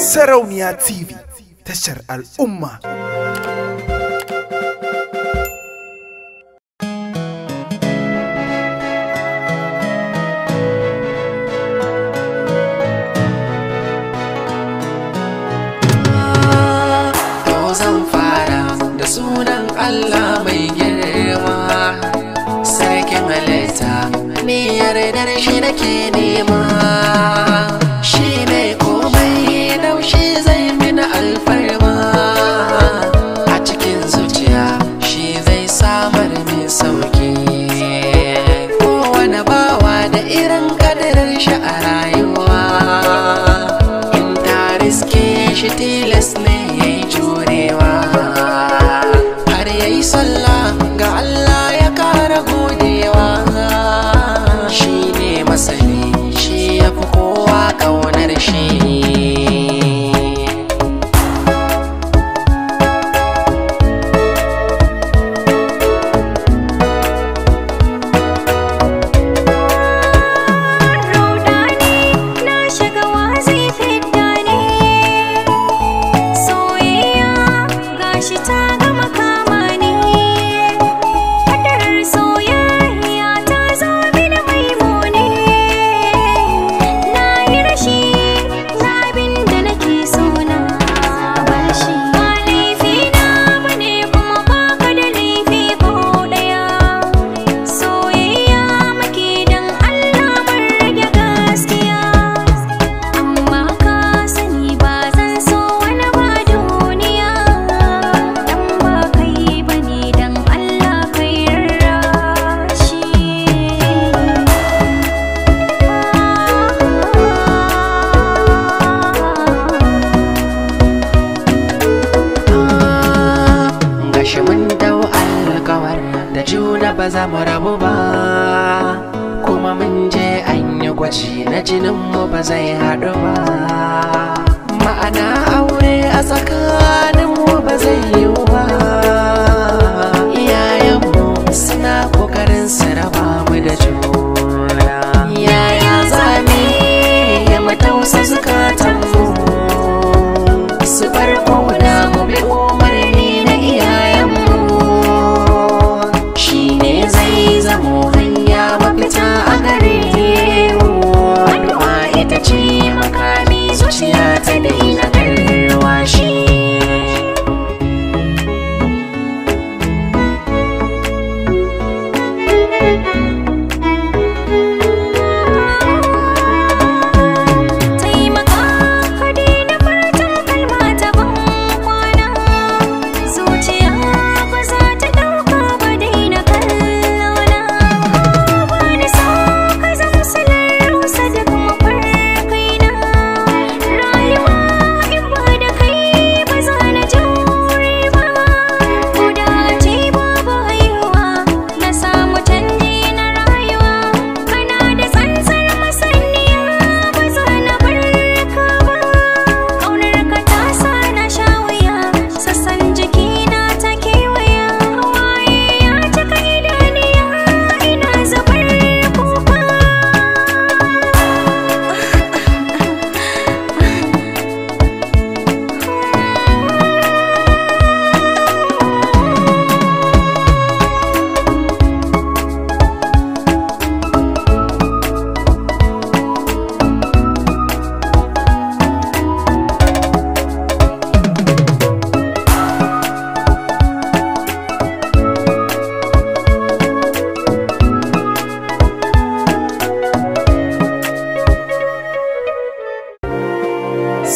Sarauniya TV tashar al'umma. zan fara da sunan Allah mai girma sarkin halitta ni yardar shi nake nema shi a rayuwa in ta riske shi tilas ne ya yi jurewa har ya yi sallah ga Allah ya kara godewa shi ne masani shi ya fi kowa ƙaunar shi juna ba za mu rabu ba kuma mun je an yi gwaji na jinin mu ba zai haɗu ba ma'ana aure a tsakaninmu mu ba zai